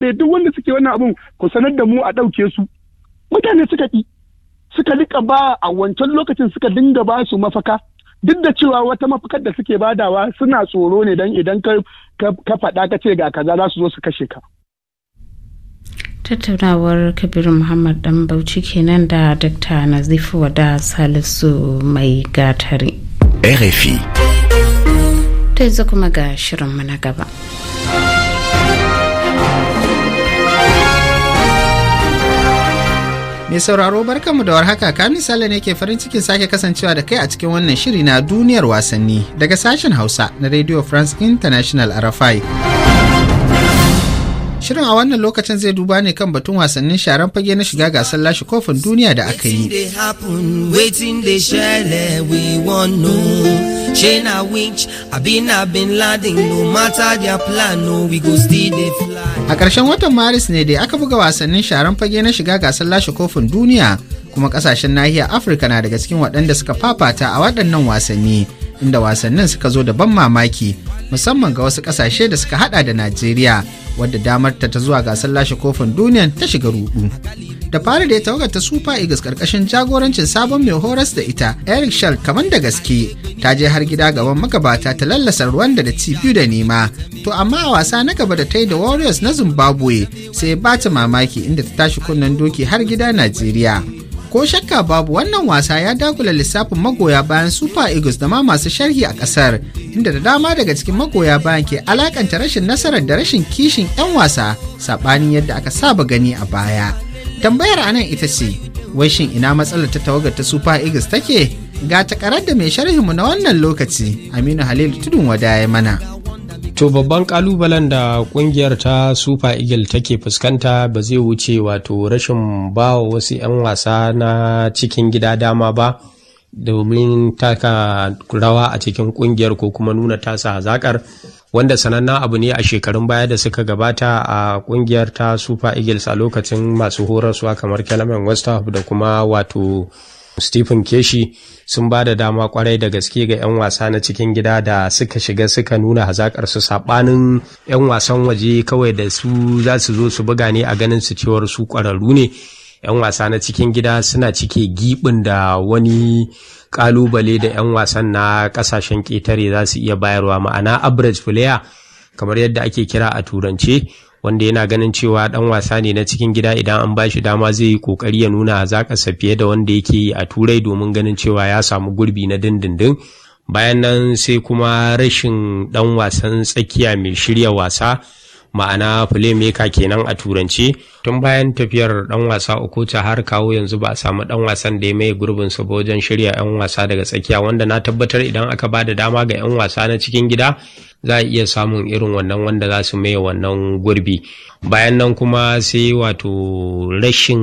sai eh, duk wanda suke wannan abun ku sanar da mu a ɗauke su mutane suka ƙi suka rika ba a wancan lokacin suka dinga ba su mafaka duk da cewa wata mafakar da suke badawa suna tsoro ne dan idan ka faɗa ka ce ga kaza za su zo su kashe ka tattaunawar kabiru muhammad dan bauchi kenan da dr nazifu wada salisu mai gatari rfi ta kuma ga shirinmu na gaba Mai sauraro barkanmu da warhaka ka misali ne ke farin cikin sake kasancewa da kai a cikin wannan shiri na duniyar wasanni daga sashen Hausa na Radio France International arafai. Shirin a wannan lokacin zai duba ne kan batun wasannin sharan fage na shiga gasar lashe kofin duniya da aka yi. A ƙarshen watan Maris ne dai aka buga wasannin sharan fage na shiga gasar lashe kofin duniya kuma ƙasashen nahiyar Afirka na daga cikin waɗanda suka fafata a waɗannan wasanni inda wasannin suka zo da ban mamaki. musamman ga wasu ƙasashe da suka hada da Najeriya wadda damarta ta zuwa gasar lashe kofin duniya ta shiga rudu. Da fari da ya tawagar ta Super Eagles karkashin jagorancin sabon mai horas da ita Eric Schall kaman da gaske ta je har gida gaban magabata ta lallasa ruwan da ci biyu da nema. To amma a wasa na gaba da ta yi da Warriors na Zimbabwe sai ya bata mamaki inda ta tashi kunnen doki har gida Najeriya. ko shakka babu wannan wasa ya dakula lissafin magoya bayan super eagles da ma masu sharhi a kasar inda da dama daga cikin magoya bayan ke alakanta rashin nasarar da rashin kishin 'yan wasa saɓanin yadda aka saba gani a baya tambayar anan ita ce wai shin ina matsalar ta tawagar ta super eagles take ga takarar da mai sharhinmu na wannan lokaci aminu halilu tudun wada ya mana To babban kalubalen da kungiyar ta Super Eagle take fuskanta ba zai wuce wato rashin ba wasu 'yan wasa na cikin gida dama ba domin taka rawa a cikin kungiyar ko kuma nuna tasa hazakar wanda sanannen abu ne a shekarun baya da suka gabata a kungiyar ta Super Eagles a lokacin masu horaswa kamar Kalaman West da kuma wato stephen keshi sun ba da dama kwarai da gaske ga 'yan wasa na cikin gida da suka shiga suka nuna hazakar su saɓanin 'yan wasan waje kawai da su za su zo su buga ne a ganin su cewar su kwararru ne 'yan wasa na cikin gida suna cike gibin da wani ƙalubale da 'yan wasan na kasashen ƙetare za su iya bayarwa ma'ana average player kamar yadda ake kira a turance wanda yana ganin cewa dan wasa ne na cikin gida idan an bashi dama zai yi kokari ya nuna zakasa fiye da wanda yake yi a turai domin ganin cewa ya samu gurbi na dindindin bayan nan sai kuma rashin dan wasan tsakiya mai shirya wasa ma'ana playmaker kenan a turance tun bayan tafiyar dan wasa okuta har kawo yanzu ba a samu dan wasan da ya maye gurbin sa wajen shirya yan wasa daga tsakiya wanda na tabbatar idan aka bada dama ga yan wasa na cikin gida za a iya samun irin wannan wanda za su maye wannan gurbi bayan nan kuma sai wato rashin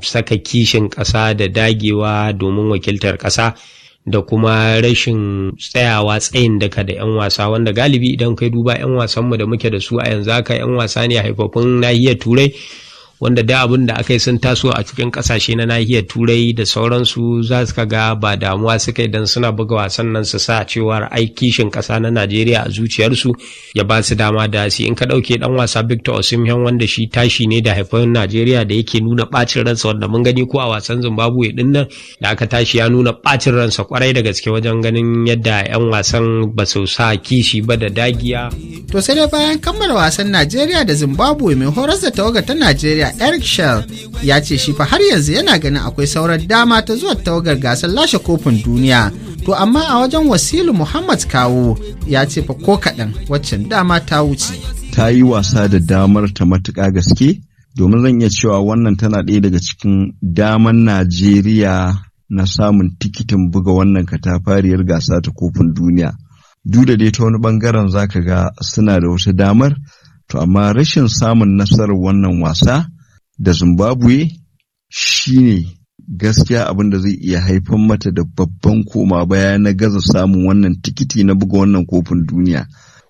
saka kishin ƙasa da dagewa domin wakiltar ƙasa da kuma rashin tsayawa tsayin daka da 'yan wasa wanda galibi idan kai duba 'yan wasanmu da muke da su a yanzu haka 'yan wasa ne haifafin nahiyar turai wanda da abin da aka yi sun taso a cikin kasashe na nahiyar turai da sauransu za su ga ba damuwa suka idan suna buga wasan nan su sa cewar ai kishin kasa na najeriya a zuciyarsu ya ba su dama da su in ka dauke dan wasa victor osimhen wanda shi tashi ne da haifan najeriya da yake nuna ɓacin ransa wanda mun gani ko a wasan zimbabwe din nan da aka tashi ya nuna ɓacin ransa kwarai da gaske wajen ganin yadda 'yan wasan ba su sa kishi ba da dagiya. to sai dai bayan kammala wasan najeriya da zimbabwe mai horar da tawaga ta najeriya Nigeria Eric Shell ya ce shi fa har yanzu yana ganin akwai sauran dama ta zuwa tawagar gasar lashe kofin duniya. To amma a wajen Wasilu Muhammad Kawo ya ce fa ko kaɗan waccan dama ta wuce. Ta yi wasa da damar ta matuƙa gaske domin zan iya cewa wannan tana ɗaya daga cikin daman Najeriya na samun tikitin buga wannan katafariyar gasa ta kofin duniya. Duk da dai ta wani bangaren zaka ga suna da wata damar, to amma rashin samun nasarar wannan wasa da zimbabwe shi ne gaskiya abin da zai iya haifar mata da babban koma baya na gaza samun wannan tikiti na buga wannan kofin duniya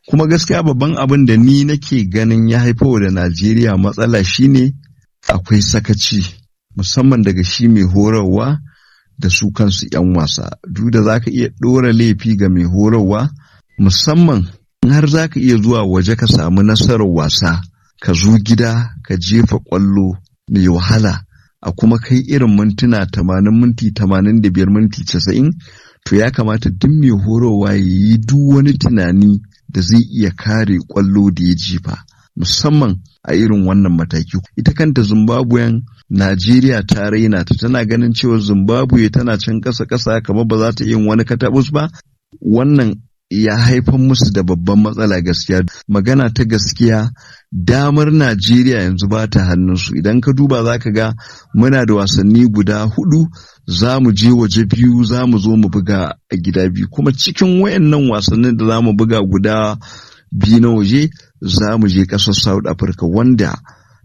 kuma gaskiya babban abin da ni nake ganin ya haifar da najeriya matsala shi ne. akwai sakaci musamman daga shi mai horarwa da su kansu 'yan wasa duk da za ka iya ɗora laifi ga mai horarwa musamman har za ka iya zuwa waje ka samu nasarar wasa ka zo gida ka jefa ƙwallo mai wahala a kuma kai irin mintuna tamanin minti tamanin da biyar minti casa'in to ya kamata duk mai horowa ya yi duk wani tunani da zai iya kare ƙwallo da ya jefa musamman a irin wannan mataki ita kanta zimbabwean najeriya ta raina ta tana ganin cewa zimbabwe tana can kasa-kasa kamar ba za ta yin wani katabus ba wannan ya haifar musu da babban matsala gaskiya magana ta gaskiya damar najeriya yanzu ba ta hannunsu idan ka duba za ka ga muna da wasanni guda hudu za mu je waje biyu za mu zo mu buga a gida biyu kuma cikin wayannan wasannin da za mu buga guda biyu na waje za mu je ƙasar south africa wanda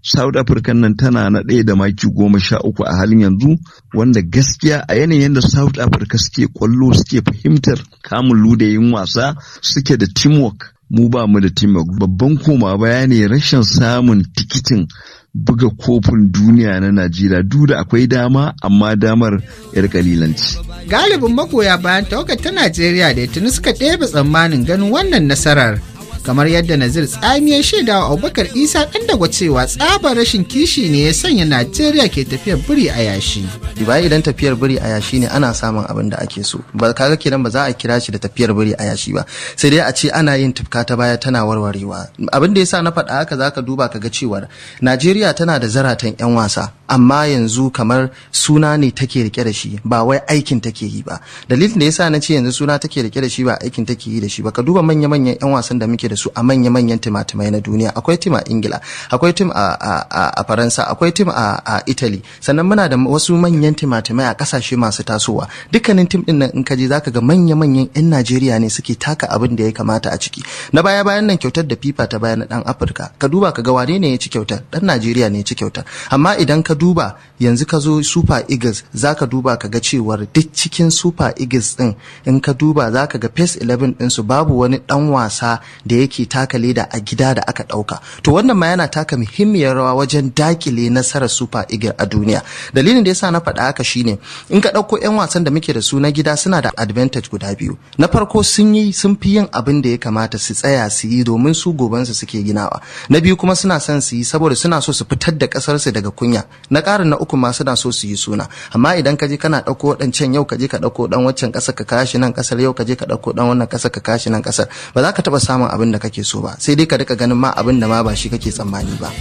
South Africa nan tana na ɗaya da maki goma sha uku a halin yanzu wanda gaskiya a yanayin da South Africa suke kwallo suke fahimtar kamun ludayin wasa suke da teamwork mu ba mu da teamwork babban koma baya ne rashin samun tikitin buga kofin duniya na Najeriya duk da akwai dama amma damar yar kalilanci. Galibin magoya bayan tawagar ta Najeriya da tuni suka ɗebe tsammanin ganin wannan nasarar. kamar yadda nazir tsami ya shaida wa abubakar isa ɗan dagwa cewa tsabar rashin kishi ne ya sanya najeriya ke tafiyar biri a yashi bayan idan tafiyar biri a yashi ne ana samun abin da ake so ba kaga kiran ba za a kira shi da tafiyar biri a yashi ba sai dai a ce ana yin tufka ta baya tana warwarewa abin da yasa na faɗa haka zaka duba kaga cewar najeriya tana da zaratan yan wasa amma yanzu kamar suna ne take rike da shi ba wai aikin take yi ba dalilin da yasa na ce yanzu suna take rike da shi ba aikin take yi da shi ba ka duba manya-manyan yan wasan da muke da su a manya-manyan timatimai na duniya akwai tim a ingila akwai tim a faransa akwai tim a italy sannan muna da wasu manyan timatimai a kasashe masu tasowa dukkanin tim din nan in ka je zaka ga manya-manyan 'yan najeriya ne suke taka abin da ya kamata a ciki na baya bayan nan kyautar da fifa ta baya na dan afirka ka duba ka ga wane ne ya ci kyautar dan najeriya ne ya ci kyautar amma idan ka duba yanzu ka zo super eagles zaka duba ka ga cewar duk cikin super eagles din in ka duba zaka ga face 11 din su babu wani dan wasa da ya yake taka leda a gida da aka ɗauka to wannan ma yana taka muhimmiyar rawa wajen dakile nasarar super eagle a duniya dalilin da yasa na faɗa haka shine in ka ɗauko 'yan wasan da muke da su na gida suna da advantage guda biyu na farko sun yi sun fi yin abin da ya kamata su tsaya su yi domin su su suke ginawa na biyu kuma suna son su yi saboda suna so su fitar da su daga kunya na ƙarin na uku ma suna so su yi suna amma idan ka je kana ɗauko wadancan yau ka je ka ɗauko ɗan waccan kasar ka kashi nan kasar yau ka je ka ɗauko ɗan wannan kasar ka kashi nan kasar ba za ka taba samun abin abin da kake so ba sai dai ka rika ganin ma abin da ma ba shi kake tsammani ba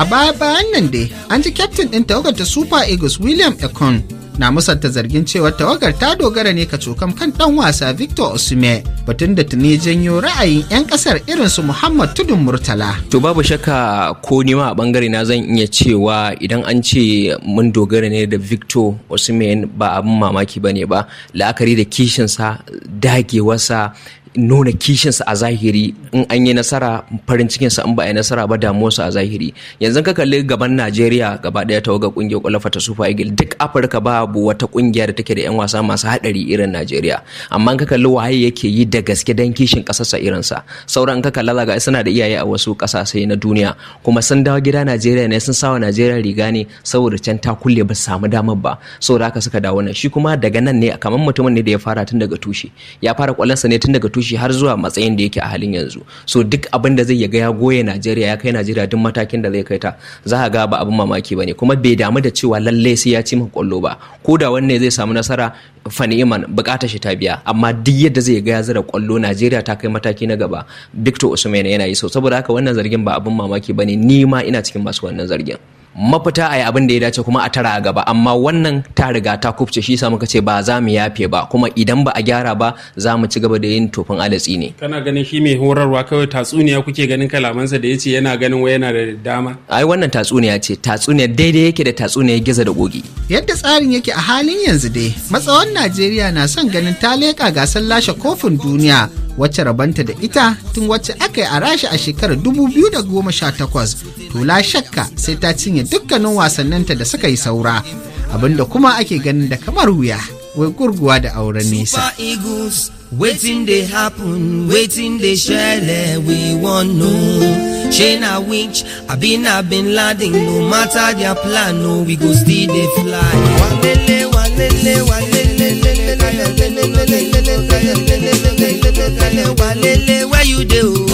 A baya-bayan nan dai, an ji kyaftin ɗin tawagar ta Super Eagles William Ekon na musanta zargin cewa tawagar ta dogara ne kacokam kan ɗan wasa Victor Osimhen batun da tuni janyo ra'ayin 'yan ƙasar irin su Muhammad Tudun Murtala. To babu shakka ko nima a bangare na zan iya cewa idan an ce mun dogara ne da Victor Osimhen ba abin mamaki ba ne ba la'akari da kishinsa dagewarsa nuna kishinsa a zahiri in an yi nasara farin cikinsa in ba a yi nasara ba damuwarsa a zahiri yanzu ka kalli gaban Najeriya gaba ɗaya ta waga kungiyar kwallon ta Super Eagles duk Afirka babu wata kungiya da take da yan wasa masu hadari irin Najeriya amma ka kalli waye yake yi da gaske dan kishin kasarsa irin sa sauran ka kalla ga suna da iyaye a wasu kasashe na duniya kuma sun dawo gida Najeriya ne sun sawa Najeriya riga ne saboda can ta kulle ba samu damar ba saboda haka suka dawo nan shi kuma daga nan ne kamar mutumin ne da ya fara tun daga tushe ya fara sa ne tun daga tushe har zuwa matsayin da yake a halin yanzu so duk abin da zai ya ga ya goye Najeriya ya kai Najeriya duk matakin da zai kai ta za a ga ba abin mamaki bane kuma bai damu da cewa lallai sai ya ci min kwallo ba ko da wanne zai samu nasara fani iman, bukata shi ta biya amma duk yadda zai ga ya zira kwallo Najeriya ta kai mataki na gaba Victor Usman yana yi so saboda haka wannan zargin ba abin mamaki bane ni ma ina cikin masu wannan zargin mafita a yi abin da ya dace kuma a tara a gaba amma wannan ta riga ta kubce shi muka ce ba za mu yafe ba kuma idan ba a gyara ba za mu ci gaba da yin tofin alatsi ne kana ganin shi mai horarwa kawai tatsuniya kuke ganin kalamansa da yace yana ganin wai yana da dama ai wannan tatsuniya ce tatsuniya daidai yake da tatsuniya giza da gogi yadda tsarin yake a halin yanzu dai matsawon Najeriya na son ganin ta leƙa gasar lashe kofin duniya wacce rabanta da ita tun wacce aka yi a rasha a shekarar 2018 to la shakka sai ta cinye dukkanin wasanninta da suka yi saura abinda kuma ake ganin da kamar wuya wai gurguwa da auren nisa wetin dey happen wetin dey shele we wan know shey na winch abi na bin laden no matter their plan no we go still dey fly. walele kekele wa lele where you dey o. Oh?